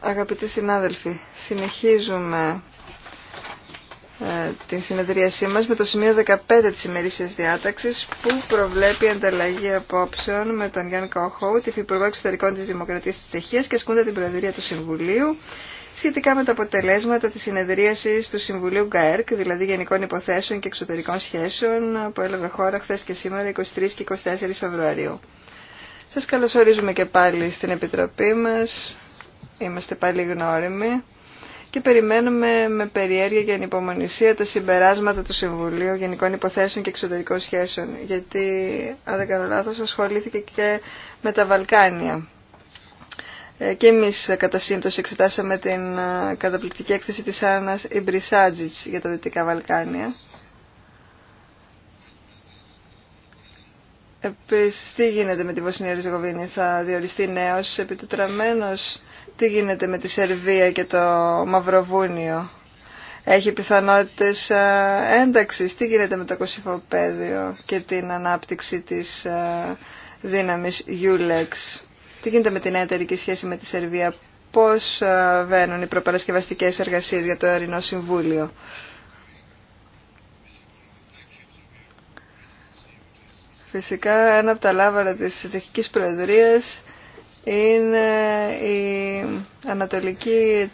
Αγαπητοί συνάδελφοι, συνεχίζουμε ε, την συνεδρίασή μας με το σημείο 15 της ημερήσιας διάταξης που προβλέπει ανταλλαγή απόψεων με τον Γιάνν Κόχο, τη Υπουργό Εξωτερικών της Δημοκρατίας της Τσεχίας και ασκούνται την Προεδρία του Συμβουλίου σχετικά με τα αποτελέσματα της συνεδρίασης του Συμβουλίου ΓΚΑΕΡΚ, δηλαδή Γενικών Υποθέσεων και Εξωτερικών Σχέσεων, που έλαβε χώρα χθε και σήμερα 23 και 24 Φεβρουαρίου. Σας καλωσορίζουμε και πάλι στην Επιτροπή μας. Είμαστε πάλι γνώριμοι και περιμένουμε με περιέργεια και ανυπομονησία τα συμπεράσματα του Συμβουλίου Γενικών Υποθέσεων και Εξωτερικών Σχέσεων, γιατί, αν δεν κάνω λάθος, ασχολήθηκε και με τα Βαλκάνια. Ε, και εμείς ε, κατά σύμπτωση εξετάσαμε την ε, καταπληκτική έκθεση της Άννας Ιμπρισάτζιτς για τα Δυτικά Βαλκάνια. Επίσης, τι γίνεται με τη Βοσνία Ριζεγοβίνη, θα διοριστεί νέος επιτετραμένος. Τι γίνεται με τη Σερβία και το Μαυροβούνιο. Έχει πιθανότητες ένταξης. Τι γίνεται με το Κωσυφοπαίδιο και την ανάπτυξη της δύναμης Ulex. Τι γίνεται με την εταιρική σχέση με τη Σερβία, πώς ε, βαίνουν οι προπαρασκευαστικές εργασίες για το Ερεινό Συμβούλιο. Φυσικά ένα από τα λάβαρα της Τσεχικής Προεδρίας είναι η ανατολική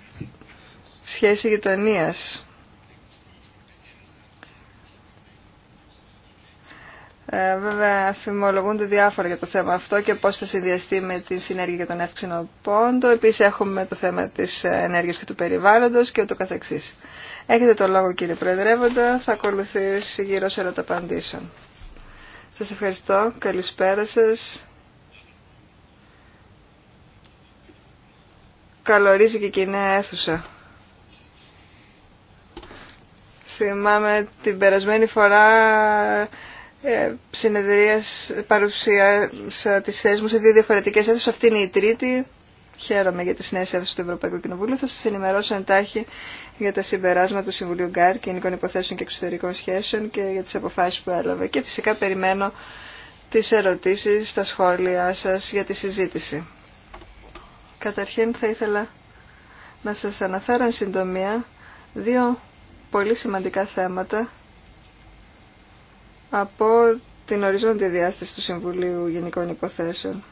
σχέση γειτονίας Ε, βέβαια αφημολογούνται διάφορα για το θέμα αυτό και πώς θα συνδυαστεί με τη συνέργεια για τον εύξηνο πόντο. Επίσης έχουμε το θέμα της ενέργειας και του περιβάλλοντος και ούτω καθεξής. Έχετε το λόγο κύριε Προεδρεύοντα, θα ακολουθήσει γύρω σε ερωταπαντήσεων. Σας ευχαριστώ, καλησπέρα σας. Καλωρίζει και κοινή αίθουσα. Θυμάμαι την περασμένη φορά ε, συνεδρίας παρουσίασα ε, τις θέσεις μου σε δύο διαφορετικές αίθουσες. Αυτή είναι η τρίτη. Χαίρομαι για τις νέες αίθουσες του Ευρωπαϊκού Κοινοβουλίου. Θα σας ενημερώσω εντάχει για τα συμπεράσματα του Συμβουλίου Γκάρ, Κοινικών Υποθέσεων και Εξωτερικών Σχέσεων και για τις αποφάσεις που έλαβε. Και φυσικά περιμένω τις ερωτήσεις, τα σχόλιά σας για τη συζήτηση. Καταρχήν θα ήθελα να σας αναφέρω εν συντομία δύο πολύ σημαντικά θέματα από την οριζόντια διάσταση του Συμβουλίου Γενικών Υποθέσεων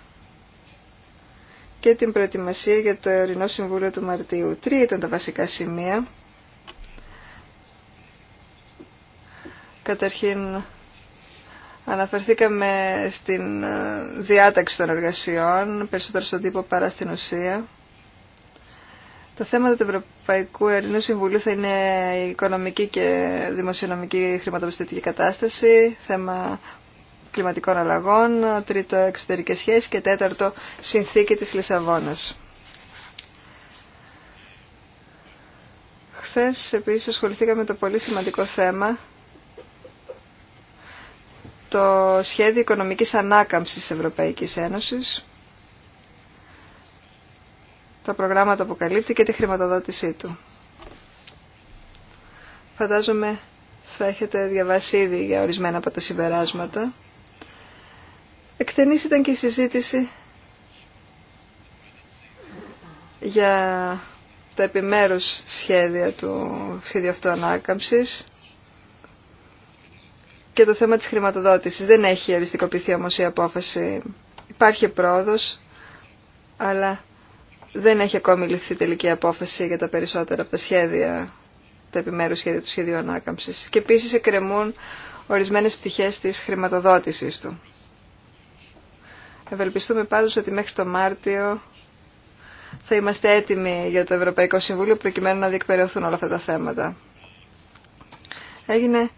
και την προετοιμασία για το Εωρινό Συμβούλιο του Μαρτίου. Τρία ήταν τα βασικά σημεία. Καταρχήν αναφερθήκαμε στην ε, διάταξη των εργασιών, περισσότερο στον τύπο παρά στην ουσία. Τα θέματα του Ευρωπαϊκού Ερνού Συμβουλίου θα είναι η οικονομική και δημοσιονομική χρηματοπιστωτική κατάσταση, θέμα κλιματικών αλλαγών, τρίτο εξωτερικές σχέσεις και τέταρτο συνθήκη της Λισαβόνας. Χθες επίσης ασχοληθήκαμε με το πολύ σημαντικό θέμα το σχέδιο οικονομικής ανάκαμψης της Ευρωπαϊκής Ένωσης τα προγράμματα που καλύπτει και τη χρηματοδότησή του. Φαντάζομαι θα έχετε διαβάσει ήδη για ορισμένα από τα συμπεράσματα. Εκτενής ήταν και η συζήτηση για τα επιμέρους σχέδια του σχέδιου αυτού και το θέμα της χρηματοδότησης. Δεν έχει αριστικοποιηθεί όμως η απόφαση. Υπάρχει πρόοδος, αλλά δεν έχει ακόμη ληφθεί τελική απόφαση για τα περισσότερα από τα σχέδια, τα επιμέρους σχέδια του σχεδίου ανάκαμψης. Και επίση εκκρεμούν ορισμένε πτυχές της χρηματοδότησης του. Ευελπιστούμε πάντως ότι μέχρι το Μάρτιο θα είμαστε έτοιμοι για το Ευρωπαϊκό Συμβούλιο προκειμένου να διεκπαιρεωθούν όλα αυτά τα θέματα. Έγινε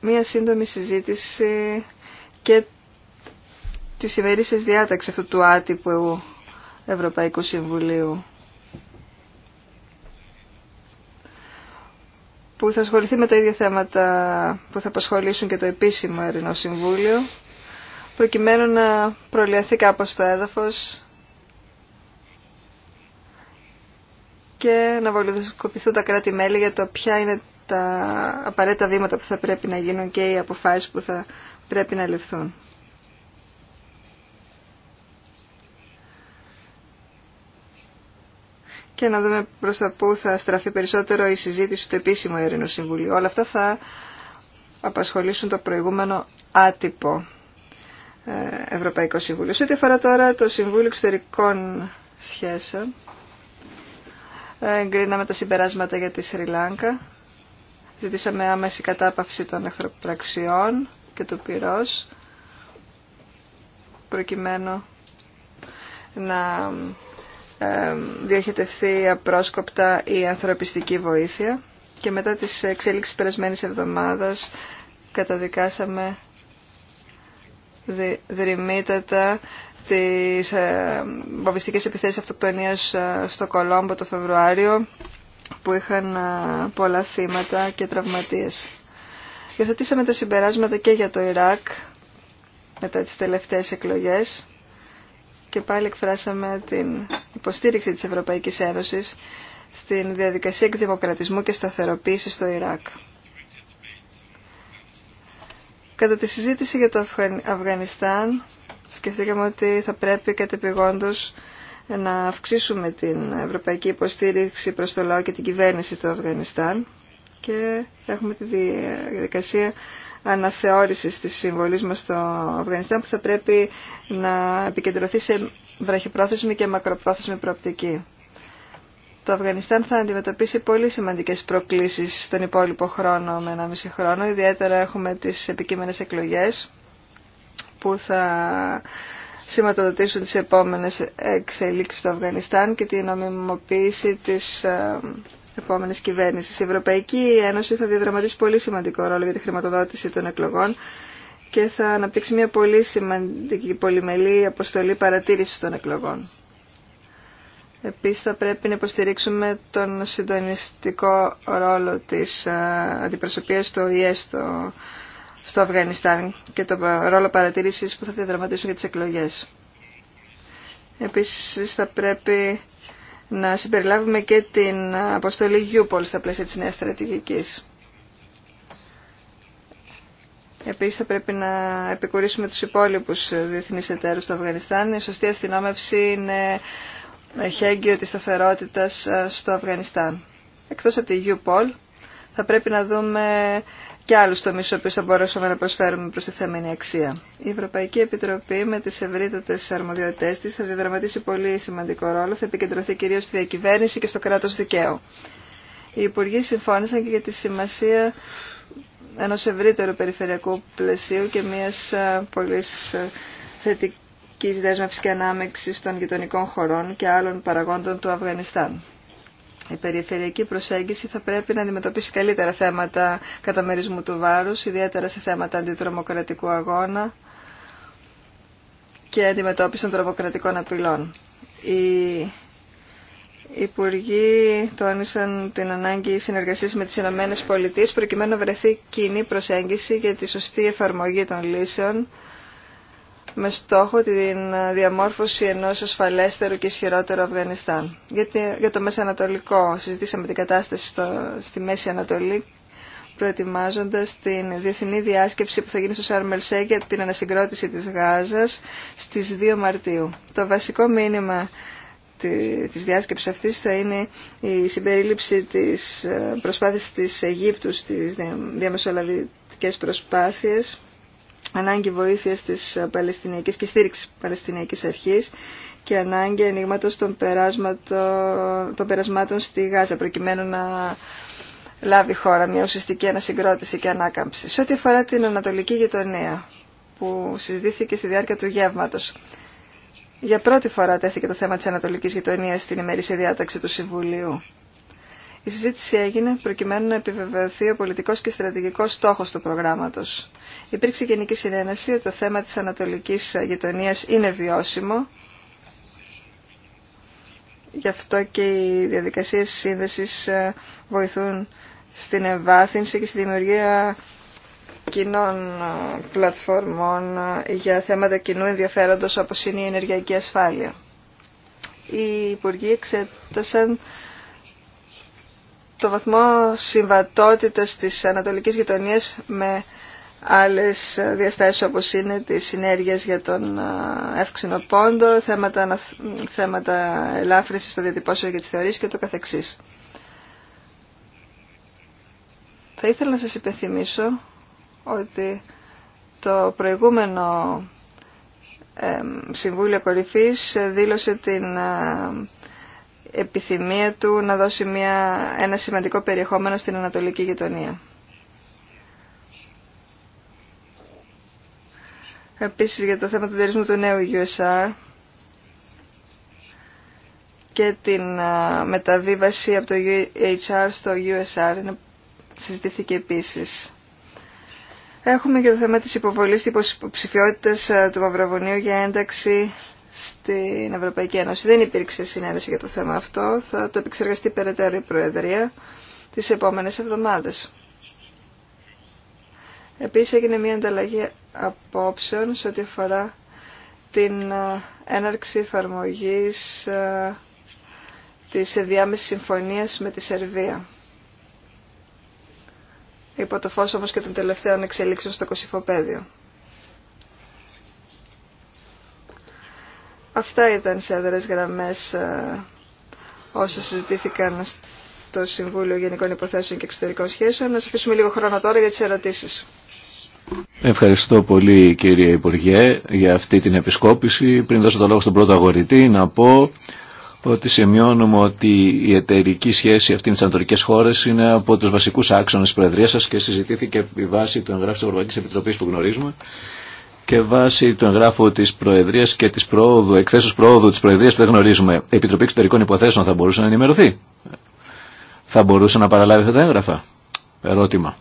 μία σύντομη συζήτηση και τη ημερήσια διάταξη αυτού του άτυπου Ευρωπαϊκού Συμβουλίου που θα ασχοληθεί με τα ίδια θέματα που θα απασχολήσουν και το επίσημο Ερεινό Συμβούλιο προκειμένου να προλιαθεί κάπως το έδαφος και να βολιδοσκοπηθούν τα κράτη-μέλη για το ποια είναι τα απαραίτητα βήματα που θα πρέπει να γίνουν και οι αποφάσεις που θα πρέπει να ληφθούν. και να δούμε προς τα πού θα στραφεί περισσότερο η συζήτηση του επίσημου Ειρηνού Συμβουλίου. Όλα αυτά θα απασχολήσουν το προηγούμενο άτυπο ε, Ευρωπαϊκό Συμβούλιο. Σε ό,τι αφορά τώρα το Συμβούλιο Εξωτερικών Σχέσεων, ε, εγκρίναμε τα συμπεράσματα για τη Σρι Λάγκα. Ζητήσαμε άμεση κατάπαυση των εχθροπραξιών και του πυρός, προκειμένου να διοχετευθεί απρόσκοπτα η ανθρωπιστική βοήθεια και μετά τις εξέλιξεις περασμένης εβδομάδας καταδικάσαμε δρυμύτατα τις ε, βομβιστικές επιθέσεις αυτοκτονίας ε, στο Κολόμπο το Φεβρουάριο που είχαν ε, πολλά θύματα και τραυματίες. Υιοθετήσαμε τα συμπεράσματα και για το Ιράκ μετά τις τελευταίες εκλογές και πάλι εκφράσαμε την υποστήριξη της Ευρωπαϊκής Ένωσης στην διαδικασία εκδημοκρατισμού και σταθεροποίησης στο Ιράκ. Κατά τη συζήτηση για το Αφγανιστάν σκεφτήκαμε ότι θα πρέπει κατεπηγόντως να αυξήσουμε την ευρωπαϊκή υποστήριξη προς το λαό και την κυβέρνηση του Αφγανιστάν και θα έχουμε τη διαδικασία αναθεώρησης της συμβολής μας στο Αφγανιστάν που θα πρέπει να επικεντρωθεί σε βραχυπρόθεσμη και μακροπρόθεσμη προοπτική. Το Αφγανιστάν θα αντιμετωπίσει πολύ σημαντικές προκλήσεις τον υπόλοιπο χρόνο με ένα μισή χρόνο. Ιδιαίτερα έχουμε τις επικείμενες εκλογές που θα σηματοδοτήσουν τις επόμενες εξελίξεις στο Αφγανιστάν και την νομιμοποίηση της ε, επόμενη κυβέρνηση. Η Ευρωπαϊκή Ένωση θα διαδραματίσει πολύ σημαντικό ρόλο για τη χρηματοδότηση των εκλογών και θα αναπτύξει μια πολύ σημαντική πολυμελή αποστολή παρατήρησης των εκλογών. Επίσης θα πρέπει να υποστηρίξουμε τον συντονιστικό ρόλο της ε, αντιπροσωπείας του ΟΗΕ στο, στο Αφγανιστάν και τον ρόλο παρατήρηση που θα διαδραματίσουν για τι εκλογέ. Επίσης θα πρέπει να συμπεριλάβουμε και την αποστολή Γιούπολ στα πλαίσια της νέας στρατηγικής. Επίσης θα πρέπει να επικουρήσουμε τους υπόλοιπους διεθνείς εταίρους του Αφγανιστάν. Η σωστή αστυνόμευση είναι χέγγιο της σταθερότητας στο Αφγανιστάν. Εκτός από τη Γιούπολ θα πρέπει να δούμε και άλλους τομείς στους οποίους θα μπορέσουμε να προσφέρουμε τη θέμενη αξία. Η Ευρωπαϊκή Επιτροπή με τις ευρύτατες αρμοδιότητές της θα διαδραματίσει πολύ σημαντικό ρόλο, θα επικεντρωθεί κυρίως στη διακυβέρνηση και στο κράτος δικαίου. Οι Υπουργοί συμφώνησαν και για τη σημασία ενός ευρύτερου περιφερειακού πλαισίου και μιας ε, πολύ ε, θετικής δέσμευσης και ανάμεξης των γειτονικών χωρών και άλλων παραγόντων του Αφγανιστάν η περιφερειακή προσέγγιση θα πρέπει να αντιμετωπίσει καλύτερα θέματα καταμερισμού του βάρους, ιδιαίτερα σε θέματα αντιτρομοκρατικού αγώνα και αντιμετώπιση των τρομοκρατικών απειλών. Οι υπουργοί τόνισαν την ανάγκη συνεργασίας με τις ΗΠΑ προκειμένου να βρεθεί κοινή προσέγγιση για τη σωστή εφαρμογή των λύσεων με στόχο τη διαμόρφωση ενός ασφαλέστερου και ισχυρότερου Αφγανιστάν. Γιατί, για το Μέση Ανατολικό συζητήσαμε την κατάσταση στο, στη Μέση Ανατολή προετοιμάζοντας την διεθνή διάσκεψη που θα γίνει στο Σαρμελσέ για την ανασυγκρότηση της Γάζας στις 2 Μαρτίου. Το βασικό μήνυμα της διάσκεψης αυτής θα είναι η συμπερίληψη της ε, προσπάθειας της Αιγύπτου στις διαμεσολαβητικές προσπάθειες ανάγκη βοήθειας της Παλαιστινιακής και στήριξης Παλαιστινιακής Αρχής και ανάγκη ανοίγματο των, περασμάτων στη Γάζα προκειμένου να λάβει χώρα μια ουσιαστική ανασυγκρότηση και ανάκαμψη. Σε ό,τι αφορά την Ανατολική Γειτονία που συζητήθηκε στη διάρκεια του γεύματος. Για πρώτη φορά τέθηκε το θέμα της Ανατολικής Γειτονίας στην ημερήσια διάταξη του Συμβουλίου. Η συζήτηση έγινε προκειμένου να επιβεβαιωθεί ο πολιτικός και στρατηγικός στόχος του προγράμματος. Υπήρξε γενική συνένεση ότι το θέμα της ανατολικής γειτονίας είναι βιώσιμο. Γι' αυτό και οι διαδικασίες σύνδεσης ε, βοηθούν στην ευάθυνση και στη δημιουργία κοινών ε, πλατφόρμων ε, για θέματα κοινού ενδιαφέροντος όπως είναι η ενεργειακή ασφάλεια. Οι Υπουργοί εξέτασαν το βαθμό συμβατότητας της ανατολικής γειτονίας με άλλες διαστάσεις όπως είναι τις συνέργειες για τον εύξηνο πόντο, θέματα, θέματα ελάφρυνσης των διατυπώσιο και τις θεωρίες και το καθεξής. Θα ήθελα να σας υπενθυμίσω ότι το προηγούμενο Συμβούλιο Κορυφής δήλωσε την επιθυμία του να δώσει μια, ένα σημαντικό περιεχόμενο στην Ανατολική γειτονία. Επίσης για το θέμα του διαρρισμού του νέου USR και την μεταβίβαση από το UHR στο USR συζητήθηκε επίσης. Έχουμε και το θέμα της υποβολής της υποψηφιότητας του Παυραβωνίου για ένταξη στην Ευρωπαϊκή Ένωση. Δεν υπήρξε συνένεση για το θέμα αυτό. Θα το επεξεργαστεί περαιτέρω η Προεδρία τις επόμενες εβδομάδες. Επίσης έγινε μια ανταλλαγή απόψεων σε ό,τι αφορά την ε, έναρξη εφαρμογή ε, της διάμεσης συμφωνίας με τη Σερβία. Υπό το φως όμως και των τελευταίων εξελίξεων στο Κωσυφοπαίδιο. Αυτά ήταν σε έδρες γραμμές ε, όσα συζητήθηκαν στο Συμβούλιο Γενικών Υποθέσεων και Εξωτερικών Σχέσεων. Να σας αφήσουμε λίγο χρόνο τώρα για τις ερωτήσεις. Ευχαριστώ πολύ κύριε Υπουργέ για αυτή την επισκόπηση. Πριν δώσω το λόγο στον πρώτο αγορητή να πω ότι σημειώνουμε ότι η εταιρική σχέση αυτή με τι ανατολικέ χώρε είναι από του βασικού άξονε τη Προεδρία σα και συζητήθηκε η βάση του εγγράφου τη Ευρωπαϊκή Επιτροπή που γνωρίζουμε και βάσει του εγγράφου τη Προεδρία και τη προόδου, εκθέσεω προόδου τη Προεδρία που δεν γνωρίζουμε, η Επιτροπή Εξωτερικών Υποθέσεων θα μπορούσε να ενημερωθεί. Θα μπορούσε να παραλάβει αυτά τα έγγραφα. Ερώτημα.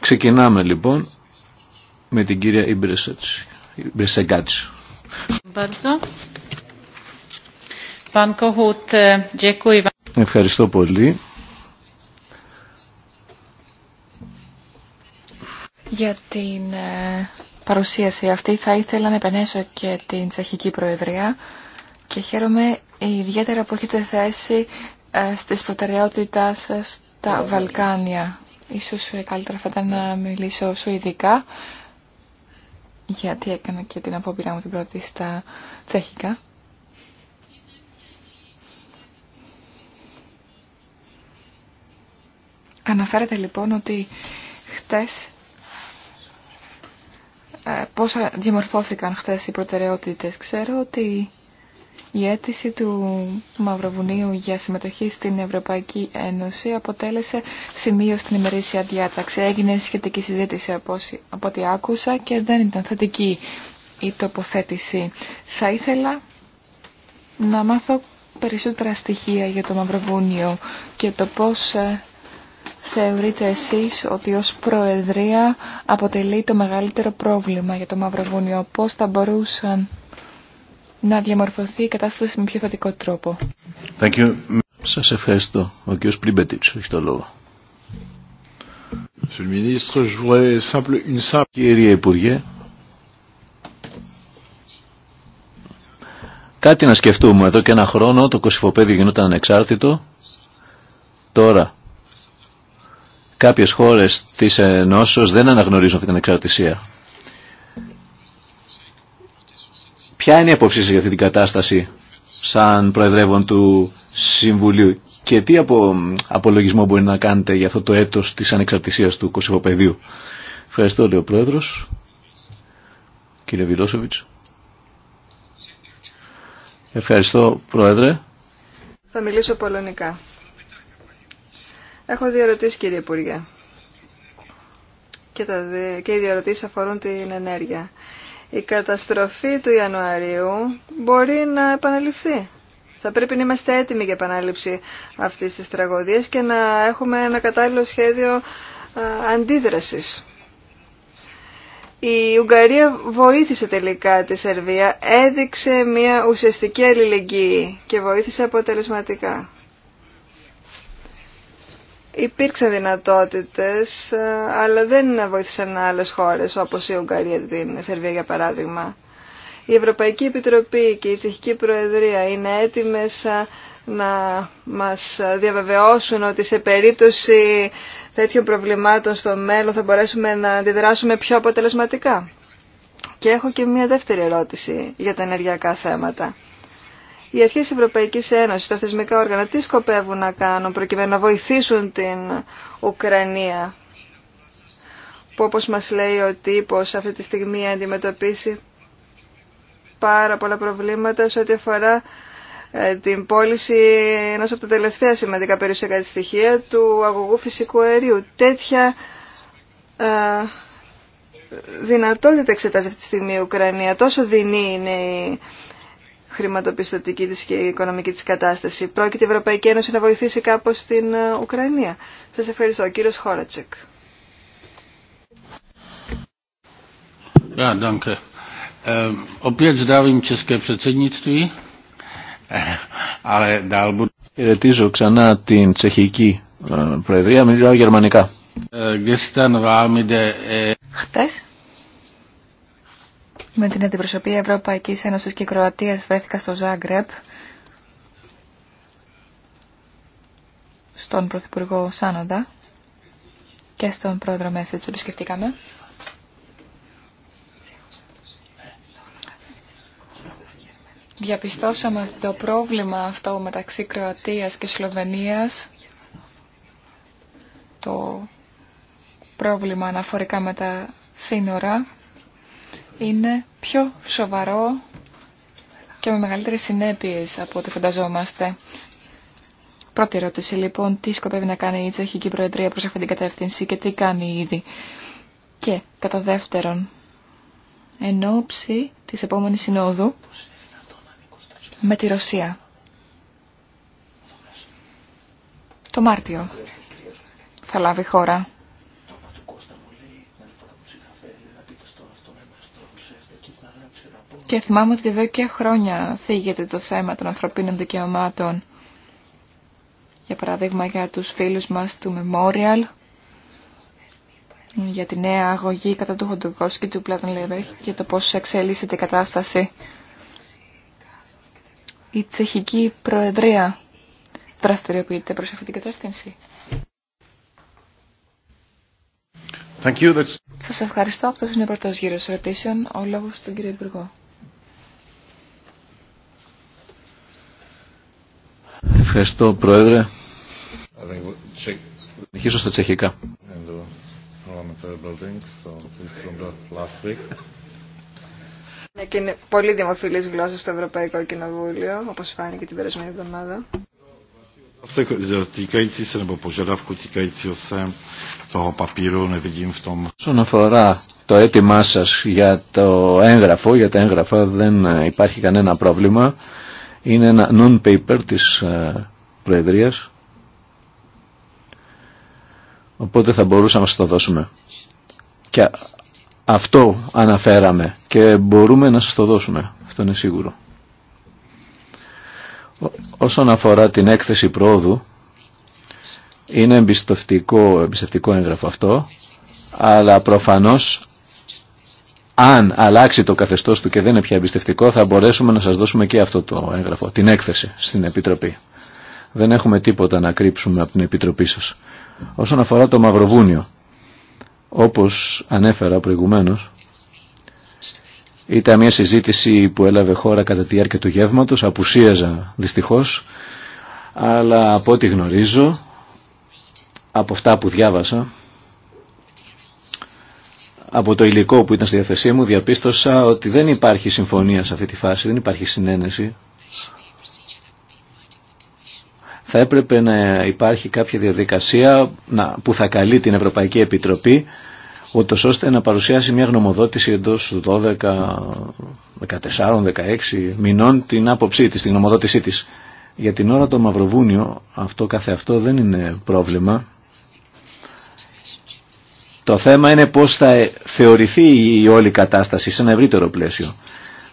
Ξεκινάμε λοιπόν με την κυρία Ιμπρεσεγκάτση. E, Ευχαριστώ πολύ. για την ε, παρουσίαση αυτή θα ήθελα να επενέσω και την Τσεχική Προεδρία και χαίρομαι ιδιαίτερα που έχετε θέσει στις προτεραιότητά σας τα Βαλκάνια. Ίσως ε, καλύτερα θα ήταν να μιλήσω σου ειδικά, γιατί έκανα και την απόπειρα μου την πρώτη στα τσέχικα. Αναφέρεται λοιπόν ότι χτες ε, πώς διαμορφώθηκαν χθες οι προτεραιότητες. Ξέρω ότι η αίτηση του Μαυροβουνίου για συμμετοχή στην Ευρωπαϊκή Ένωση αποτέλεσε σημείο στην ημερήσια διάταξη. Έγινε σχετική συζήτηση από, από ό,τι άκουσα και δεν ήταν θετική η τοποθέτηση. Θα ήθελα να μάθω περισσότερα στοιχεία για το Μαυροβούνιο και το πώς ε, θεωρείτε εσείς ότι ως Προεδρία αποτελεί το μεγαλύτερο πρόβλημα για το Μαυροβούνιο. Πώς θα μπορούσαν να διαμορφωθεί η κατάσταση με πιο θετικό τρόπο. Thank Σας ευχαριστώ. Ο κ. Πλιμπετίτσο έχει το λόγο. Κύριε Υπουργέ, κάτι να σκεφτούμε. Εδώ και ένα χρόνο το Κωσυφοπέδιο γινόταν ανεξάρτητο. Τώρα Κάποιες χώρες της Ενώσεως δεν αναγνωρίζουν αυτή την εξαρτησία. Ποια είναι η απόψη σας για αυτή την κατάσταση σαν Προεδρεύων του Συμβουλίου και τι απο, απολογισμό μπορεί να κάνετε για αυτό το έτος της ανεξαρτησίας του Κωσυφοπεδίου. Ευχαριστώ, λέει ο Πρόεδρος. Κύριε Βιλόσοβιτς. Ευχαριστώ, Πρόεδρε. Θα μιλήσω πολωνικά. Έχω δύο ερωτήσει κύριε Υπουργέ. Και, τα οι δύο αφορούν την ενέργεια. Η καταστροφή του Ιανουαρίου μπορεί να επαναληφθεί. Θα πρέπει να είμαστε έτοιμοι για επανάληψη αυτής της τραγωδίας και να έχουμε ένα κατάλληλο σχέδιο αντίδρασης. Η Ουγγαρία βοήθησε τελικά τη Σερβία, έδειξε μια ουσιαστική αλληλεγγύη και βοήθησε αποτελεσματικά υπήρξαν δυνατότητες, αλλά δεν βοήθησαν άλλες χώρες, όπως η Ουγγαρία, την Σερβία για παράδειγμα. Η Ευρωπαϊκή Επιτροπή και η Τσεχική Προεδρία είναι έτοιμες ε, να μας διαβεβαιώσουν ότι σε περίπτωση τέτοιων προβλημάτων στο μέλλον θα μπορέσουμε να αντιδράσουμε πιο αποτελεσματικά. Και έχω και μία δεύτερη ερώτηση για τα ενεργειακά θέματα οι αρχές Ευρωπαϊκής Ένωσης, τα θεσμικά όργανα, τι σκοπεύουν να κάνουν προκειμένου να βοηθήσουν την Ουκρανία που όπως μας λέει ο τύπος αυτή τη στιγμή αντιμετωπίσει πάρα πολλά προβλήματα σε ό,τι αφορά ε, την πώληση ενό από τα τελευταία σημαντικά περιουσιακά στοιχεία του αγωγού φυσικού αερίου. Τέτοια ε, δυνατότητα εξετάζει αυτή τη στιγμή η Ουκρανία. Τόσο δεινή είναι η χρηματοπιστωτική της και οικονομική της κατάσταση. Πρόκειται η Ευρωπαϊκή Ένωση να βοηθήσει κάπως στην ε, Ουκρανία. Σας ευχαριστώ. Ο κύριος Χόρατσεκ. Ehm, eh, Χαιρετίζω ξανά την τσεχική ε, προεδρία, μιλάω γερμανικά. Ε, eh- Χτες με την αντιπροσωπή Ευρωπαϊκής Ένωσης και Κροατίας βρέθηκα στο Ζάγκρεπ, στον Πρωθυπουργό Σάνοντα και στον Πρόεδρο Μέση, που επισκεφτήκαμε. Διαπιστώσαμε το πρόβλημα αυτό μεταξύ Κροατίας και Σλοβενίας, το πρόβλημα αναφορικά με τα σύνορα, είναι πιο σοβαρό και με μεγαλύτερε συνέπειε από ό,τι φανταζόμαστε. Πρώτη ερώτηση λοιπόν, τι σκοπεύει να κάνει η Τσεχική Προεδρία προ αυτήν την κατεύθυνση και τι κάνει ήδη. Και κατά δεύτερον, εν ώψη της επόμενης συνόδου με τη Ρωσία. Το Μάρτιο θα λάβει χώρα. Και θυμάμαι ότι εδώ και χρόνια θίγεται το θέμα των ανθρωπίνων δικαιωμάτων. Για παράδειγμα για τους φίλους μας του Memorial, για τη νέα αγωγή κατά του Χοντογκόσκη και του Πλάτων και το πώς εξελίσσεται η κατάσταση. Η τσεχική προεδρία δραστηριοποιείται προς αυτή την κατεύθυνση. Thank Σας ευχαριστώ. Αυτός είναι ο πρώτος γύρος ερωτήσεων. Ο λόγος στον κύριο Υπουργό. Ευχαριστώ, Πρόεδρε. Συνεχίζω στα τσεχικά. Ναι, και είναι πολύ δημοφιλή γλώσσα στο Ευρωπαϊκό Κοινοβούλιο, όπω φάνηκε την περασμένη εβδομάδα. Στον αφορά το έτοιμά σα για το έγγραφο, για τα έγγραφα δεν υπάρχει κανένα πρόβλημα. Είναι ένα non-paper της ε, Προεδρίας. Οπότε θα μπορούσαμε να σας το δώσουμε. Και αυτό αναφέραμε και μπορούμε να σας το δώσουμε. Αυτό είναι σίγουρο. Όσον αφορά την έκθεση πρόοδου, είναι εμπιστευτικό, εμπιστευτικό έγγραφο αυτό, αλλά προφανώς αν αλλάξει το καθεστώς του και δεν είναι πια εμπιστευτικό θα μπορέσουμε να σας δώσουμε και αυτό το έγγραφο, την έκθεση στην Επιτροπή. Δεν έχουμε τίποτα να κρύψουμε από την Επιτροπή σας. Όσον αφορά το Μαυροβούνιο, όπως ανέφερα προηγουμένως, ήταν μια συζήτηση που έλαβε χώρα κατά τη διάρκεια του γεύματος, απουσίαζα δυστυχώς, αλλά από ό,τι γνωρίζω, από αυτά που διάβασα, από το υλικό που ήταν στη διαθεσή μου διαπίστωσα ότι δεν υπάρχει συμφωνία σε αυτή τη φάση, δεν υπάρχει συνένεση. Θα έπρεπε να υπάρχει κάποια διαδικασία που θα καλεί την Ευρωπαϊκή Επιτροπή ούτως ώστε να παρουσιάσει μια γνωμοδότηση εντός 12, 14, 16 μηνών την άποψή της, την γνωμοδότησή της. Για την ώρα το Μαυροβούνιο αυτό καθεαυτό δεν είναι πρόβλημα. Το θέμα είναι πώς θα θεωρηθεί η όλη κατάσταση σε ένα ευρύτερο πλαίσιο.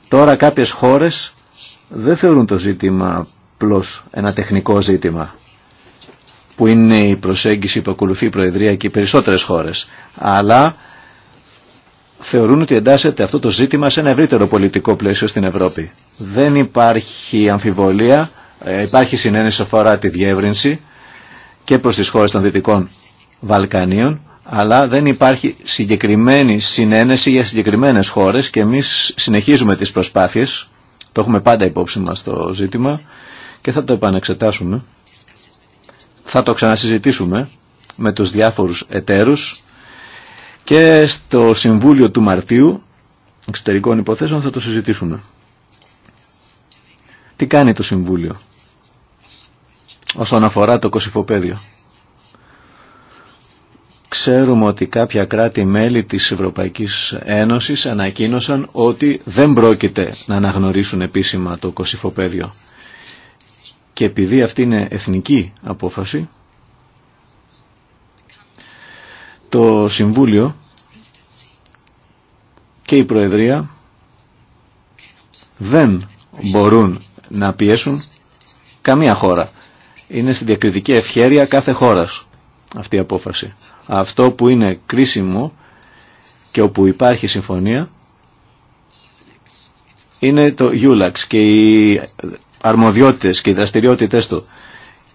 Τώρα κάποιες χώρες δεν θεωρούν το ζήτημα απλώς ένα τεχνικό ζήτημα που είναι η προσέγγιση που ακολουθεί η Προεδρία και οι περισσότερες χώρες. Αλλά θεωρούν ότι εντάσσεται αυτό το ζήτημα σε ένα ευρύτερο πολιτικό πλαίσιο στην Ευρώπη. Δεν υπάρχει αμφιβολία, ε, υπάρχει συνένεση αφορά τη διεύρυνση και προς τις χώρες των Δυτικών Βαλκανίων αλλά δεν υπάρχει συγκεκριμένη συνένεση για συγκεκριμένες χώρες και εμείς συνεχίζουμε τις προσπάθειες, το έχουμε πάντα υπόψη μας το ζήτημα και θα το επανεξετάσουμε, θα το ξανασυζητήσουμε με τους διάφορους εταίρους και στο Συμβούλιο του Μαρτίου Εξωτερικών Υποθέσεων θα το συζητήσουμε. Τι κάνει το Συμβούλιο όσον αφορά το κοσυφοπαίδιο. Ξέρουμε ότι κάποια κράτη-μέλη της Ευρωπαϊκής Ένωσης ανακοίνωσαν ότι δεν πρόκειται να αναγνωρίσουν επίσημα το κοσυφοπέδιο Και επειδή αυτή είναι εθνική απόφαση, το Συμβούλιο και η Προεδρία δεν μπορούν να πιέσουν καμία χώρα. Είναι στην διακριτική ευχέρεια κάθε χώρας αυτή η απόφαση. Αυτό που είναι κρίσιμο και όπου υπάρχει συμφωνία είναι το EULAX και οι αρμοδιότητες και οι δραστηριότητες του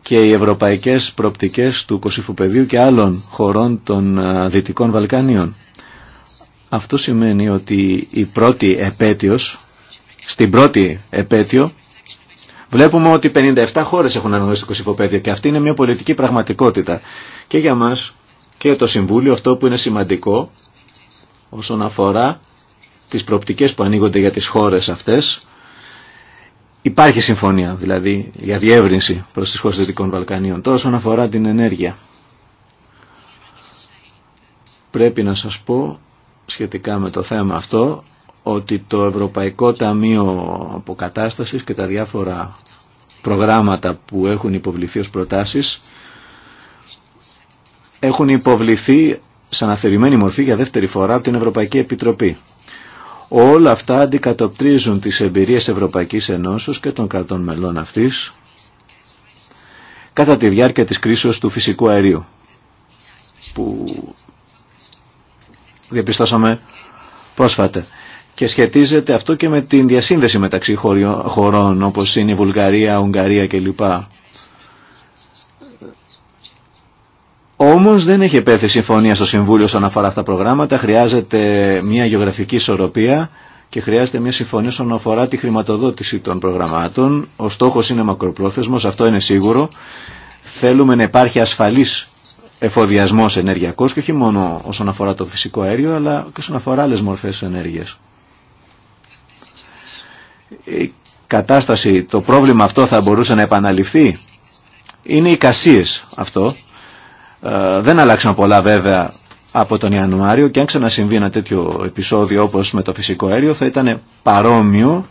και οι ευρωπαϊκές προπτικές του Κωσυφοπεδίου και άλλων χωρών των Δυτικών Βαλκανίων. Αυτό σημαίνει ότι η πρώτη επέτειος, στην πρώτη επέτειο, βλέπουμε ότι 57 χώρες έχουν αναγνωρίσει το Κωσυφοπέδιο και αυτή είναι μια πολιτική πραγματικότητα. Και για μας και το Συμβούλιο αυτό που είναι σημαντικό όσον αφορά τις προοπτικές που ανοίγονται για τις χώρες αυτές. Υπάρχει συμφωνία δηλαδή για διεύρυνση προς τις χώρες Δυτικών Βαλκανίων. Τώρα όσον αφορά την ενέργεια πρέπει να σας πω σχετικά με το θέμα αυτό ότι το Ευρωπαϊκό Ταμείο Αποκατάστασης και τα διάφορα προγράμματα που έχουν υποβληθεί ως προτάσεις έχουν υποβληθεί σε αναθερημένη μορφή για δεύτερη φορά από την Ευρωπαϊκή Επιτροπή. Όλα αυτά αντικατοπτρίζουν τις εμπειρίες Ευρωπαϊκής Ενώσεως και των κρατών μελών αυτής κατά τη διάρκεια της κρίσης του φυσικού αερίου που διαπιστώσαμε πρόσφατα. Και σχετίζεται αυτό και με την διασύνδεση μεταξύ χωρών όπως είναι η Βουλγαρία, Ουγγαρία κλπ. Όμως δεν έχει επέθει συμφωνία στο Συμβούλιο όσον αφορά αυτά τα προγράμματα. Χρειάζεται μια γεωγραφική ισορροπία και χρειάζεται μια συμφωνία όσον αφορά τη χρηματοδότηση των προγραμμάτων. Ο στόχος είναι μακροπρόθεσμος, αυτό είναι σίγουρο. Θέλουμε να υπάρχει ασφαλής εφοδιασμός ενεργειακός και όχι μόνο όσον αφορά το φυσικό αέριο αλλά και όσον αφορά άλλες μορφές ενέργειας. Η κατάσταση, το πρόβλημα αυτό θα μπορούσε να επαναληφθεί. Είναι οι κασίες αυτό ε, δεν αλλάξαν πολλά βέβαια από τον Ιανουάριο και αν ξανασυμβεί ένα τέτοιο επεισόδιο όπως με το φυσικό αέριο θα ήταν παρόμοιο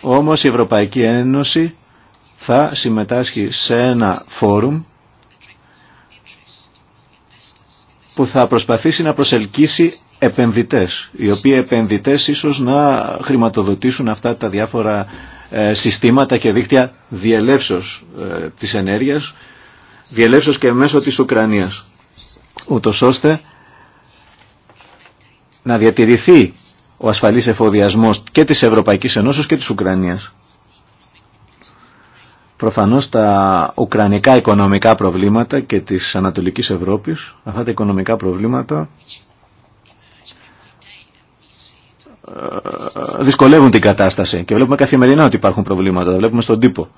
όμως η Ευρωπαϊκή Ένωση θα συμμετάσχει σε ένα φόρουμ που θα προσπαθήσει να προσελκύσει επενδυτές, οι οποίοι επενδυτές ίσως να χρηματοδοτήσουν αυτά τα διάφορα ε, συστήματα και δίκτυα διελεύσεως ε, της ενέργειας διελεύσεως και μέσω της Ουκρανίας, ούτως ώστε να διατηρηθεί ο ασφαλής εφοδιασμός και της Ευρωπαϊκής Ενώσεως και της Ουκρανίας. Προφανώς τα ουκρανικά οικονομικά προβλήματα και της Ανατολικής Ευρώπης, αυτά τα οικονομικά προβλήματα ε, δυσκολεύουν την κατάσταση και βλέπουμε καθημερινά ότι υπάρχουν προβλήματα, τα βλέπουμε στον τύπο.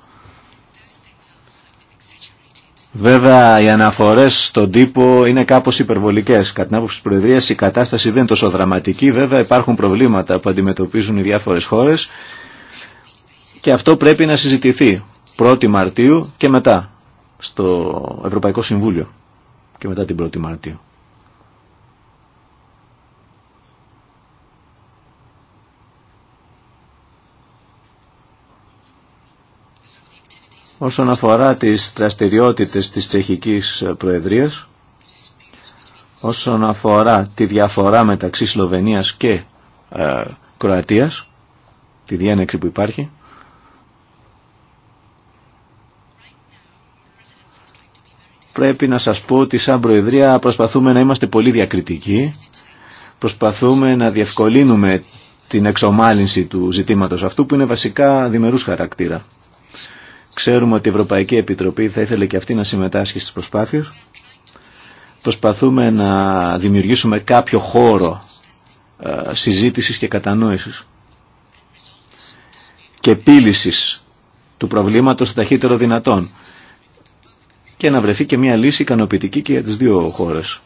Βέβαια οι αναφορές στον τύπο είναι κάπως υπερβολικές. Κατά την άποψη της Προεδρίας η κατάσταση δεν είναι τόσο δραματική. Βέβαια υπάρχουν προβλήματα που αντιμετωπίζουν οι διάφορες χώρες και αυτό πρέπει να συζητηθεί 1η Μαρτίου και μετά στο Ευρωπαϊκό Συμβούλιο και μετά την 1η Μαρτίου. Όσον αφορά τις δραστηριότητες της Τσεχικής Προεδρίας, όσον αφορά τη διαφορά μεταξύ Σλοβενίας και ε, Κροατίας, τη διένεξη που υπάρχει, πρέπει να σας πω ότι σαν Προεδρία προσπαθούμε να είμαστε πολύ διακριτικοί, προσπαθούμε να διευκολύνουμε την εξομάλυνση του ζητήματος αυτού που είναι βασικά διμερούς χαρακτήρα. Ξέρουμε ότι η Ευρωπαϊκή Επιτροπή θα ήθελε και αυτή να συμμετάσχει στις προσπάθειες. Προσπαθούμε να δημιουργήσουμε κάποιο χώρο ε, συζήτησης και κατανόησης και επίλυσης του προβλήματος το ταχύτερο δυνατόν και να βρεθεί και μια λύση ικανοποιητική και για τις δύο χώρες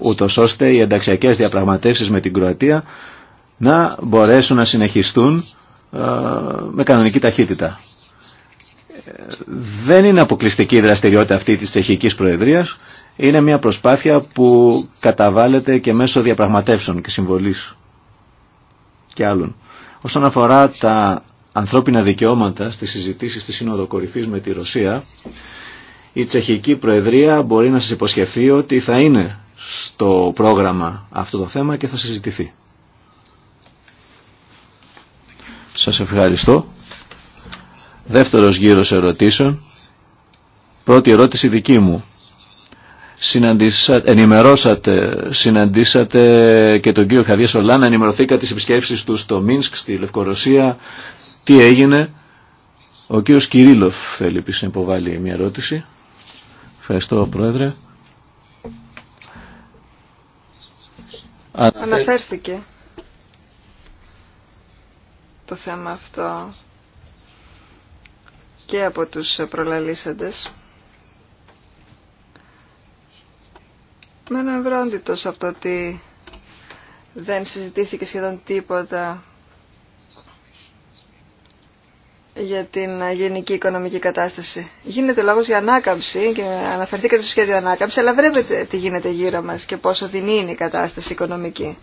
ούτως ώστε οι ενταξιακές διαπραγματεύσεις με την Κροατία να μπορέσουν να συνεχιστούν ε, με κανονική ταχύτητα δεν είναι αποκλειστική η δραστηριότητα αυτή της τσεχικής προεδρίας, είναι μια προσπάθεια που καταβάλλεται και μέσω διαπραγματεύσεων και συμβολής και άλλων. Όσον αφορά τα ανθρώπινα δικαιώματα στις συζητήσεις της Σύνοδο Κορυφής με τη Ρωσία, η τσεχική προεδρία μπορεί να σας υποσχεθεί ότι θα είναι στο πρόγραμμα αυτό το θέμα και θα συζητηθεί. Σας ευχαριστώ. Δεύτερος γύρος ερωτήσεων. Πρώτη ερώτηση δική μου. Συναντήσα, ενημερώσατε, συναντήσατε και τον κύριο Χαβιέ Σολάν, ενημερωθήκατε τις επισκέψεις του στο Μίνσκ, στη Λευκορωσία. Τι έγινε. Ο κύριος Κυρίλοφ θέλει επίσης να υποβάλει μια ερώτηση. Ευχαριστώ Πρόεδρε. Αναφέρθηκε το θέμα αυτό και από τους προλαλήσαντες. Με ευρώντητος από το ότι δεν συζητήθηκε σχεδόν τίποτα για την γενική οικονομική κατάσταση. Γίνεται λόγος για ανάκαμψη και αναφερθήκατε στο σχέδιο ανάκαμψη, αλλά βλέπετε τι γίνεται γύρω μας και πόσο δεινή είναι η κατάσταση οικονομική.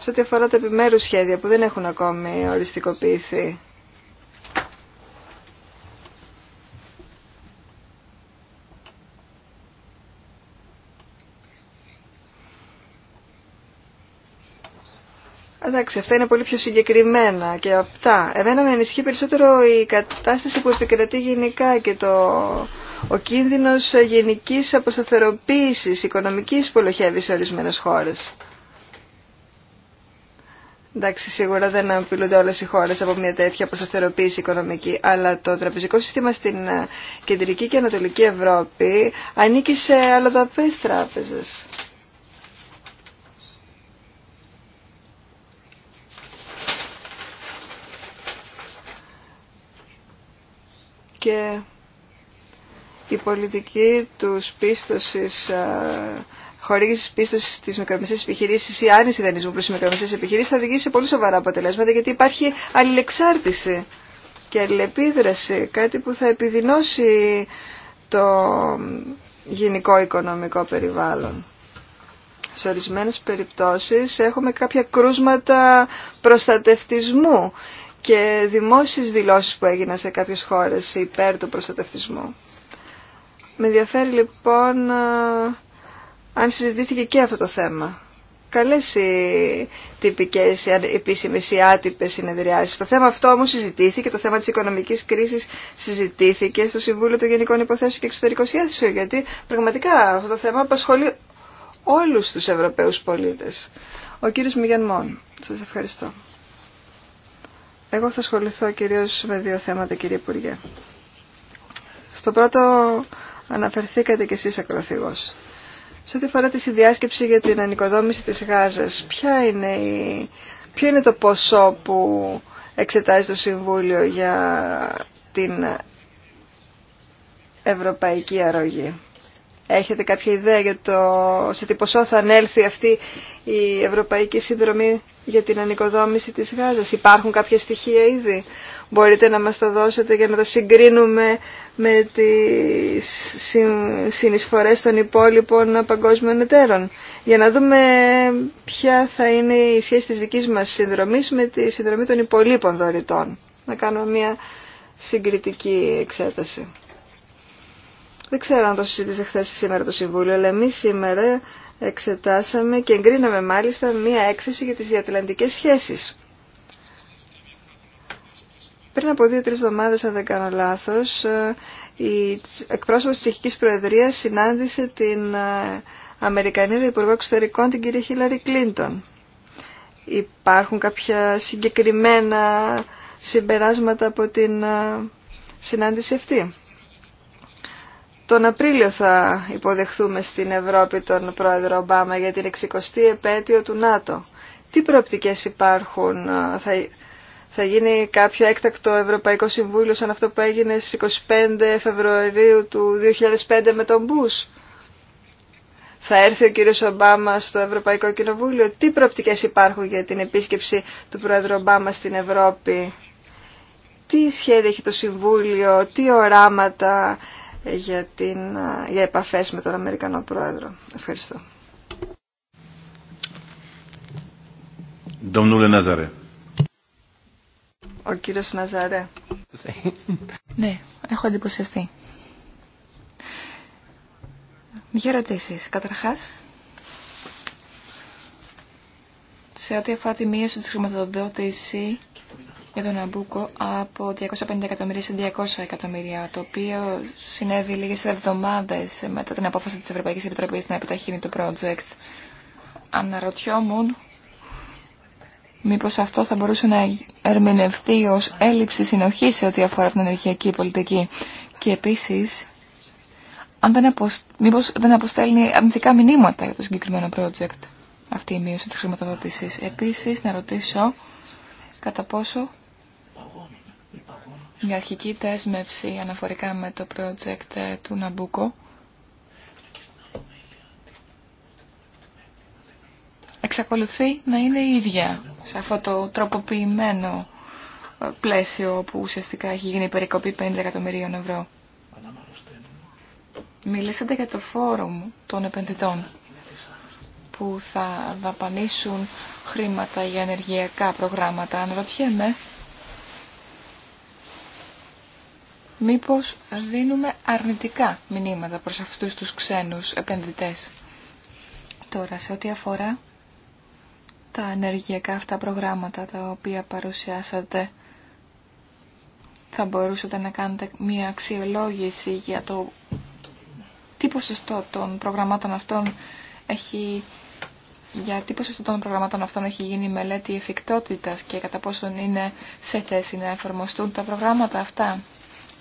Σε ό,τι αφορά τα επιμέρους σχέδια που δεν έχουν ακόμη οριστικοποιηθεί, Εντάξει, αυτά είναι πολύ πιο συγκεκριμένα και απτά. Εμένα με ενισχύει περισσότερο η κατάσταση που επικρατεί γενικά και το, ο κίνδυνος γενικής αποσταθεροποίησης, οικονομικής που ολοχεύει σε ορισμένες χώρες. Εντάξει, σίγουρα δεν απειλούνται όλε οι χώρε από μια τέτοια αποσταθεροποίηση οικονομική, αλλά το τραπεζικό σύστημα στην κεντρική και ανατολική Ευρώπη ανήκει σε αλλοδαπέ τράπεζε. και η πολιτική του πίστοσης, χορήγηση πίστοση στις μικρομεσαίες επιχειρήσεις ή άνηση δανεισμού προς τις μικρομεσαίες επιχειρήσεις θα οδηγήσει σε πολύ σοβαρά αποτελέσματα γιατί υπάρχει αλληλεξάρτηση και αλληλεπίδραση, κάτι που θα επιδεινώσει το γενικό οικονομικό περιβάλλον. Σε ορισμένες περιπτώσεις έχουμε κάποια κρούσματα προστατευτισμού και δημόσιες δηλώσεις που έγιναν σε κάποιες χώρες υπέρ του προστατευτισμού. Με ενδιαφέρει λοιπόν ε, αν συζητήθηκε και αυτό το θέμα. Καλές οι τυπικές, οι επίσημες, οι άτυπες συνεδριάσεις. Το θέμα αυτό όμως συζητήθηκε, το θέμα της οικονομικής κρίσης συζητήθηκε στο Συμβούλιο των Γενικών Υποθέσεων και Εξωτερικών Σχέσεων, γιατί πραγματικά αυτό το θέμα απασχολεί όλους τους Ευρωπαίους πολίτες. Ο κύριος Μιγιαν Σα ευχαριστώ. Εγώ θα ασχοληθώ κυρίως με δύο θέματα, κύριε Υπουργέ. Στο πρώτο αναφερθήκατε κι εσείς ακροθυγός. Σε ό,τι αφορά τη συνδιάσκεψη για την ανοικοδόμηση της Γάζας, ποια είναι η... ποιο είναι το ποσό που εξετάζει το Συμβούλιο για την ευρωπαϊκή αρρωγή. Έχετε κάποια ιδέα για το σε τι ποσό θα ανέλθει αυτή η ευρωπαϊκή συνδρομή για την ανοικοδόμηση της Γάζας. Υπάρχουν κάποια στοιχεία ήδη. Μπορείτε να μας τα δώσετε για να τα συγκρίνουμε με τις συνεισφορές των υπόλοιπων παγκόσμιων εταίρων. Για να δούμε ποια θα είναι η σχέση της δικής μας συνδρομής με τη συνδρομή των υπολείπων δωρητών. Να κάνουμε μια συγκριτική εξέταση. Δεν ξέρω αν το συζήτησε χθε σήμερα το Συμβούλιο, αλλά εμεί σήμερα εξετάσαμε και εγκρίναμε μάλιστα μία έκθεση για τις διατλαντικέ σχέσεις. Πριν από δύο-τρεις εβδομάδε αν δεν κάνω λάθο, η εκπρόσωπο τη Τσεχική Προεδρίας συνάντησε την ε, Αμερικανίδα Υπουργό Εξωτερικών, την κυρία Χίλαρη Κλίντον. Υπάρχουν κάποια συγκεκριμένα συμπεράσματα από την ε, συνάντηση αυτή. Τον Απρίλιο θα υποδεχθούμε στην Ευρώπη τον πρόεδρο Ομπάμα για την 60η επέτειο του ΝΑΤΟ. Τι προοπτικές υπάρχουν, θα, θα γίνει κάποιο έκτακτο Ευρωπαϊκό Συμβούλιο σαν αυτό που έγινε στις 25 Φεβρουαρίου του 2005 με τον Μπούς. Θα έρθει ο κύριος Ομπάμα στο Ευρωπαϊκό Κοινοβούλιο. Τι προοπτικές υπάρχουν για την επίσκεψη του Πρόεδρου Ομπάμα στην Ευρώπη. Τι σχέδια έχει το Συμβούλιο, τι οράματα για, την, για επαφές με τον Αμερικανό Πρόεδρο. Ευχαριστώ. Ο κύριος Ναζαρέ. ναι, έχω εντυπωσιαστεί. Δύο ρωτήσεις. Καταρχάς, σε ό,τι αφορά τη μείωση της χρηματοδότηση για τον Αμπούκο από 250 εκατομμύρια σε 200 εκατομμύρια, το οποίο συνέβη λίγες εβδομάδε μετά την απόφαση τη Ευρωπαϊκή Επιτροπής να επιταχύνει το project. Αναρωτιόμουν μήπω αυτό θα μπορούσε να ερμηνευτεί ω έλλειψη συνοχή σε ό,τι αφορά την ενεργειακή πολιτική. Και επίση, αν δεν δεν αποστέλνει αρνητικά μηνύματα για το συγκεκριμένο project αυτή η μείωση τη χρηματοδότησης. Επίση να ρωτήσω κατά πόσο μια αρχική δέσμευση αναφορικά με το project ε, του Ναμπούκο. Εξακολουθεί να είναι η ίδια σε αυτό το τροποποιημένο ε, πλαίσιο που ουσιαστικά έχει γίνει περικοπή 50 εκατομμυρίων ευρώ. Μιλήσατε για το φόρουμ των επενδυτών που θα δαπανίσουν χρήματα για ενεργειακά προγράμματα. Αν μήπως δίνουμε αρνητικά μηνύματα προς αυτούς τους ξένους επενδυτές. Τώρα, σε ό,τι αφορά τα ενεργειακά αυτά προγράμματα τα οποία παρουσιάσατε, θα μπορούσατε να κάνετε μία αξιολόγηση για το τι ποσοστό των προγραμμάτων αυτών έχει για τι ποσοστό των προγραμμάτων αυτών έχει γίνει η μελέτη εφικτότητας και κατά πόσον είναι σε θέση να εφαρμοστούν τα προγράμματα αυτά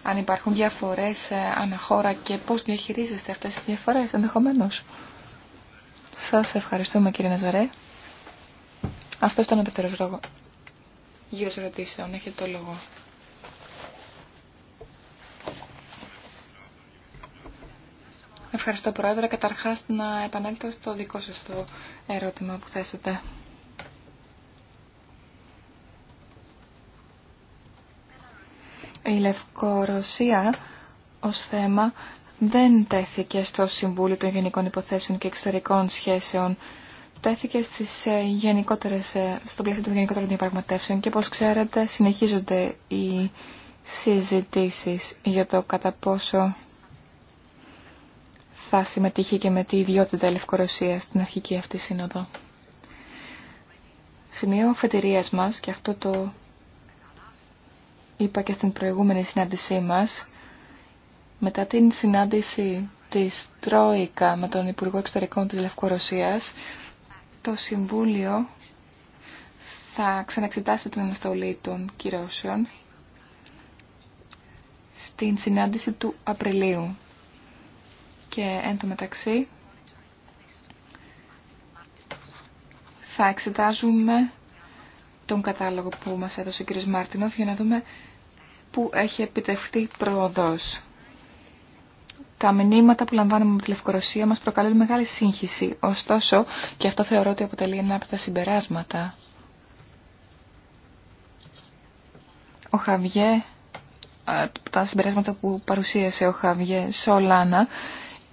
αν υπάρχουν διαφορές ε, αναχώρα και πώς διαχειρίζεστε αυτές τις διαφορές ενδεχομένως. Σας ευχαριστούμε κύριε Ναζαρέ. Αυτό ήταν ο δεύτερος λόγο. Γύρω σε ερωτήσεων, έχετε το λόγο. Ευχαριστώ Πρόεδρε. Καταρχάς να επανέλθω στο δικό σας το ερώτημα που θέσατε. η Λευκορωσία ως θέμα δεν τέθηκε στο Συμβούλιο των Γενικών Υποθέσεων και Εξωτερικών Σχέσεων. Τέθηκε στις ε, γενικότερες, ε, στο πλαίσιο των γενικότερων διαπραγματεύσεων και όπως ξέρετε συνεχίζονται οι συζητήσεις για το κατά πόσο θα συμμετείχε και με τη ιδιότητα Λευκορωσία στην αρχική αυτή σύνοδο. Σημείο αφετηρίας μας και αυτό το είπα και στην προηγούμενη συνάντησή μας, μετά την συνάντηση της Τρόικα με τον Υπουργό Εξωτερικών της Λευκορωσίας, το Συμβούλιο θα ξαναξετάσει την αναστολή των κυρώσεων στην συνάντηση του Απριλίου. Και εν τω μεταξύ θα εξετάζουμε τον κατάλογο που μας έδωσε ο κ. Μάρτινοφ για να δούμε που έχει επιτευχθεί προοδός. Τα μηνύματα που λαμβάνουμε με τη Λευκορωσία μας προκαλούν μεγάλη σύγχυση. Ωστόσο, και αυτό θεωρώ ότι αποτελεί ένα από τα συμπεράσματα. Ο Χαβιέ, τα συμπεράσματα που παρουσίασε ο Χαβιέ Σολάνα,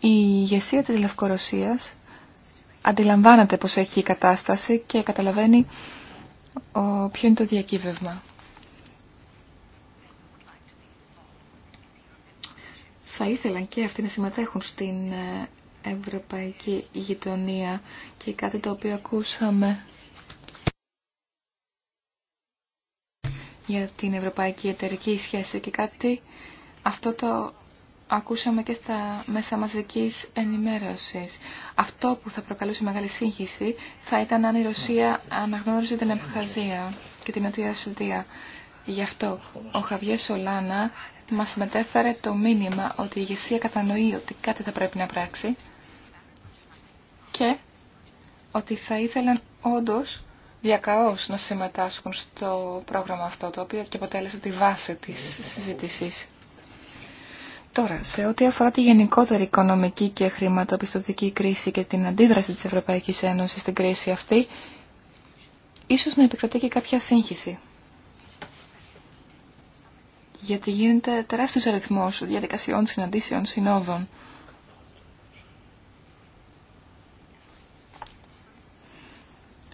η ηγεσία της Λευκορωσίας αντιλαμβάνεται πως έχει η κατάσταση και καταλαβαίνει ποιο είναι το διακύβευμα. θα ήθελαν και αυτοί να συμμετέχουν στην ε, ευρωπαϊκή γειτονία και κάτι το οποίο ακούσαμε για την ευρωπαϊκή εταιρική σχέση και κάτι αυτό το ακούσαμε και στα μέσα μαζικής ενημέρωσης. Αυτό που θα προκαλούσε μεγάλη σύγχυση θα ήταν αν η Ρωσία αναγνώριζε την Εμφχαζία και την Νοτιοασυντία. Γι' αυτό ο Χαβιέ Σολάνα μας μετέφερε το μήνυμα ότι η ηγεσία κατανοεί ότι κάτι θα πρέπει να πράξει και ότι θα ήθελαν όντως διακαώς να συμμετάσχουν στο πρόγραμμα αυτό, το οποίο και αποτέλεσε τη βάση της συζήτησης. Τώρα, σε ό,τι αφορά τη γενικότερη οικονομική και χρηματοπιστωτική κρίση και την αντίδραση της Ευρωπαϊκής Ένωσης στην κρίση αυτή, ίσως να επικρατεί και κάποια σύγχυση γιατί γίνεται τεράστιος αριθμός διαδικασιών, συναντήσεων, συνόδων.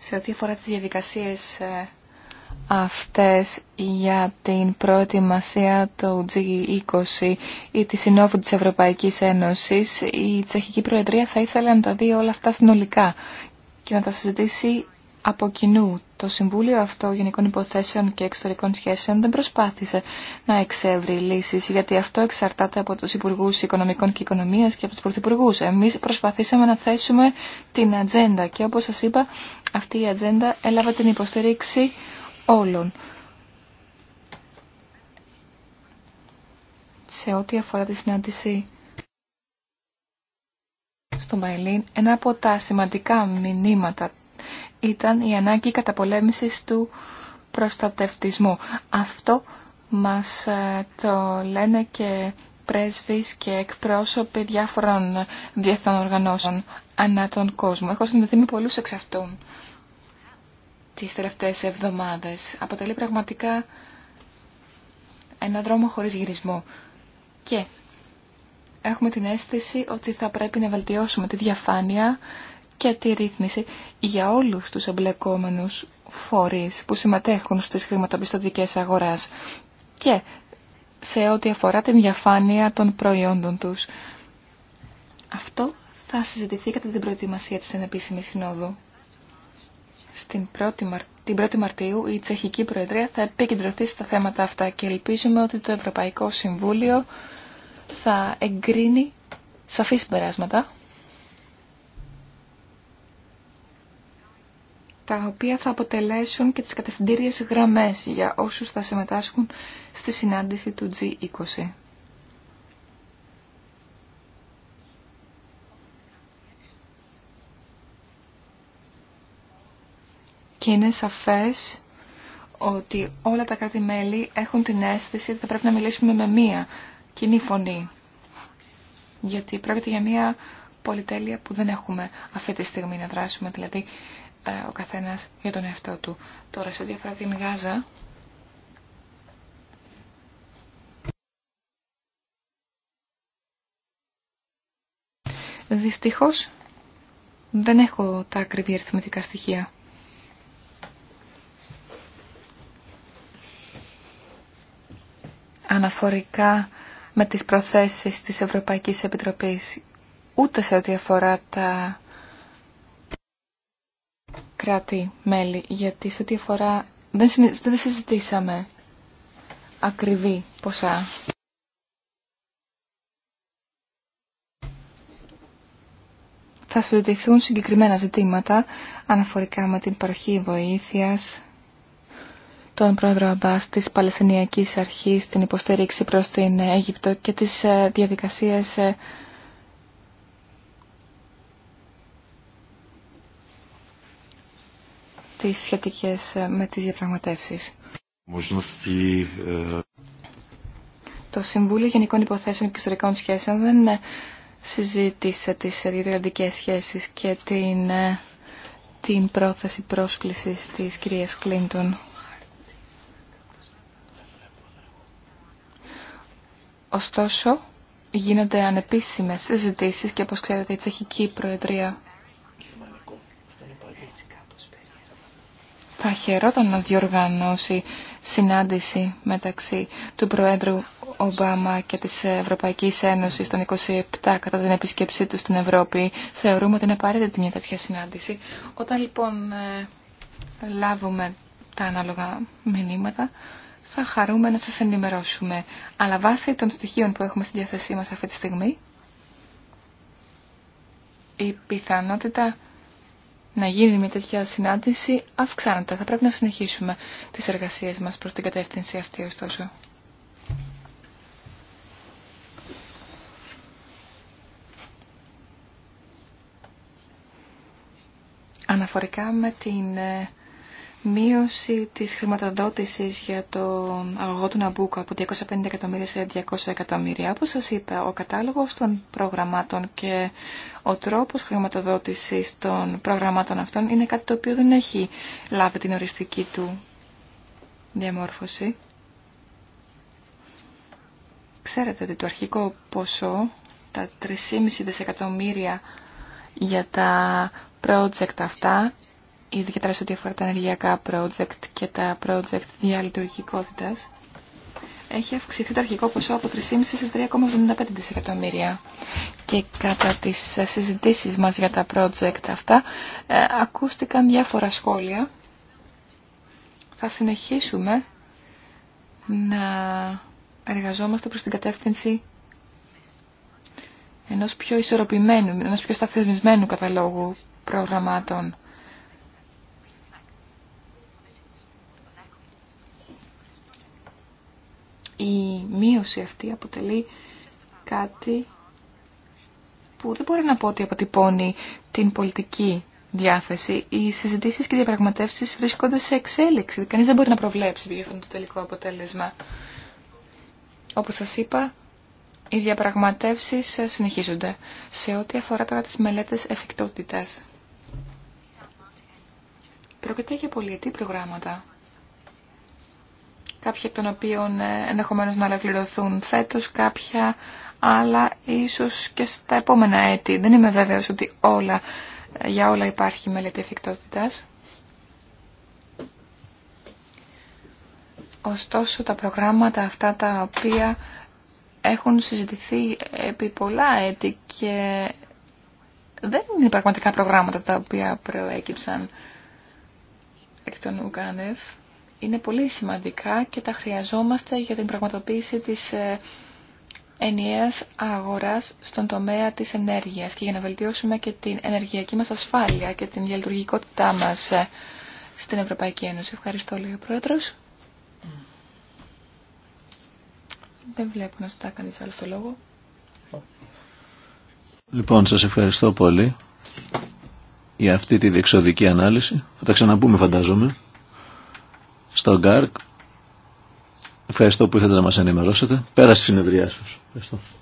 Σε ό,τι αφορά τις διαδικασίες ε, αυτές για την προετοιμασία του G20 ή τη Συνόδου της Ευρωπαϊκής Ένωσης, η Τσεχική Προεδρία θα ήθελε να τα δει όλα αυτά συνολικά και να τα συζητήσει από κοινού. Το Συμβούλιο αυτό Γενικών Υποθέσεων και Εξωτερικών Σχέσεων δεν προσπάθησε να εξεύρει λύσεις, γιατί αυτό εξαρτάται από τους Υπουργούς Οικονομικών και Οικονομίας και από τους Πρωθυπουργούς. Εμείς προσπαθήσαμε να θέσουμε την ατζέντα και όπως σας είπα, αυτή η ατζέντα έλαβε την υποστήριξη όλων. Σε ό,τι αφορά τη συνάντηση στο Μαϊλίν, ένα από τα σημαντικά μηνύματα ήταν η ανάγκη καταπολέμησης του προστατευτισμού. Αυτό μας ε, το λένε και πρέσβεις και εκπρόσωποι διάφορων διεθνών οργανώσεων ανά τον κόσμο. Έχω συνδεθεί με πολλούς εξ αυτών τις τελευταίες εβδομάδες. Αποτελεί πραγματικά ένα δρόμο χωρίς γυρισμό. Και έχουμε την αίσθηση ότι θα πρέπει να βελτιώσουμε τη διαφάνεια και τη ρύθμιση για όλους τους εμπλεκόμενους φορείς που συμμετέχουν στις χρηματοπιστωτικές αγοράς και σε ό,τι αφορά την διαφάνεια των προϊόντων τους. Αυτό θα συζητηθεί κατά την προετοιμασία της ενεπίσημης συνόδου. Στην 1η Την 1η Μαρτίου η Τσεχική Προεδρία θα επικεντρωθεί στα θέματα αυτά και ελπίζουμε ότι το Ευρωπαϊκό Συμβούλιο θα εγκρίνει σαφή συμπεράσματα τα οποία θα αποτελέσουν και τις κατευθυντήριες γραμμές για όσους θα συμμετάσχουν στη συνάντηση του G20. Και είναι σαφές ότι όλα τα κράτη-μέλη έχουν την αίσθηση ότι θα πρέπει να μιλήσουμε με μία κοινή φωνή. Γιατί πρόκειται για μία πολυτέλεια που δεν έχουμε αυτή τη στιγμή να δράσουμε. Δηλαδή ε, ο καθένας για τον εαυτό του. Τώρα σε ό,τι αφορά την Γάζα, δυστυχώς δεν έχω τα ακριβή αριθμητικά στοιχεία. Αναφορικά με τις προθέσεις της Ευρωπαϊκής Επιτροπής, ούτε σε ό,τι αφορά τα κράτη-μέλη, γιατί σε ό,τι αφορά... Δεν, δεν συζητήσαμε ακριβή ποσά. Θα συζητηθούν συγκεκριμένα ζητήματα αναφορικά με την παροχή βοήθειας, τον πρόεδρο Αμπάς της Παλαιστινιακής Αρχής, την υποστήριξη προς την Αίγυπτο και τις ε, διαδικασίες ε, τις σχετικές ε, με τις διαπραγματεύσεις. Ε, Το Συμβούλιο Γενικών Υποθέσεων και Ιστορικών Σχέσεων δεν ε, συζήτησε τις διατηρητικές σχέσεις και την, την πρόθεση πρόσκλησης της κυρίας Κλίντον. Ωστόσο, γίνονται ανεπίσημες συζητήσεις και όπως ξέρετε η Τσεχική Προεδρία θα χαιρόταν να διοργανώσει συνάντηση μεταξύ του Προέδρου Ομπάμα και της Ευρωπαϊκής Ένωσης τον 27 κατά την επισκέψή του στην Ευρώπη. Θεωρούμε ότι είναι απαραίτητη μια τέτοια συνάντηση. Όταν λοιπόν ε, λάβουμε τα ανάλογα μηνύματα θα χαρούμε να σας ενημερώσουμε. Αλλά βάσει των στοιχείων που έχουμε στη διάθεσή μας αυτή τη στιγμή η πιθανότητα να γίνει μια τέτοια συνάντηση αυξάνεται. Θα πρέπει να συνεχίσουμε τις εργασίες μας προς την κατεύθυνση αυτή ωστόσο. Αναφορικά με την ε, Μείωση της χρηματοδότησης για τον αγωγό του Ναμπούκο από 250 εκατομμύρια σε 200 εκατομμύρια. Όπως σας είπα, ο κατάλογος των προγραμμάτων και ο τρόπος χρηματοδότησης των προγραμμάτων αυτών είναι κάτι το οποίο δεν έχει λάβει την οριστική του διαμόρφωση. Ξέρετε ότι το αρχικό ποσό, τα 3,5 δισεκατομμύρια για τα project αυτά, ιδιαίτερα σε ό,τι αφορά τα ενεργειακά project και τα project διαλειτουργικότητας, έχει αυξηθεί το αρχικό ποσό από 3,5 σε 3,75 δισεκατομμύρια. Και κατά τις ε, συζητήσεις μας για τα project αυτά, ε, ακούστηκαν διάφορα σχόλια. Θα συνεχίσουμε να εργαζόμαστε προς την κατεύθυνση ενός πιο ισορροπημένου, ενός πιο σταθεσμισμένου καταλόγου προγραμμάτων η μείωση αυτή αποτελεί κάτι που δεν μπορεί να πω ότι αποτυπώνει την πολιτική διάθεση. Οι συζητήσεις και οι διαπραγματεύσεις βρίσκονται σε εξέλιξη. Κανείς δεν μπορεί να προβλέψει ποιο είναι το τελικό αποτέλεσμα. Όπως σας είπα, οι διαπραγματεύσεις συνεχίζονται σε ό,τι αφορά τώρα τις μελέτες εφικτότητας. Πρόκειται για πολιετή προγράμματα κάποια εκ των οποίων ε, ενδεχομένως να ολοκληρωθούν φέτος, κάποια άλλα ίσως και στα επόμενα έτη. Δεν είμαι βέβαιος ότι όλα, ε, για όλα υπάρχει μελέτη εφικτότητας. Ωστόσο τα προγράμματα αυτά τα οποία έχουν συζητηθεί επί πολλά έτη και δεν είναι πραγματικά προγράμματα τα οποία προέκυψαν εκ των Ουγκάνευ είναι πολύ σημαντικά και τα χρειαζόμαστε για την πραγματοποίηση της ε, ενιαίας αγοράς στον τομέα της ενέργειας και για να βελτιώσουμε και την ενεργειακή μας ασφάλεια και την διαλειτουργικότητά μας ε, στην Ευρωπαϊκή Ένωση. Ευχαριστώ, λίγο, Πρόεδρος. Δεν βλέπω να ζητά κανείς άλλο το λόγο. Λοιπόν, σας ευχαριστώ πολύ για αυτή τη διεξοδική ανάλυση. Θα τα ξαναπούμε, φαντάζομαι στο Γκάρκ, Ευχαριστώ που ήθελα να μας ενημερώσετε. Πέρασε συνεδριά σας. Ευχαριστώ.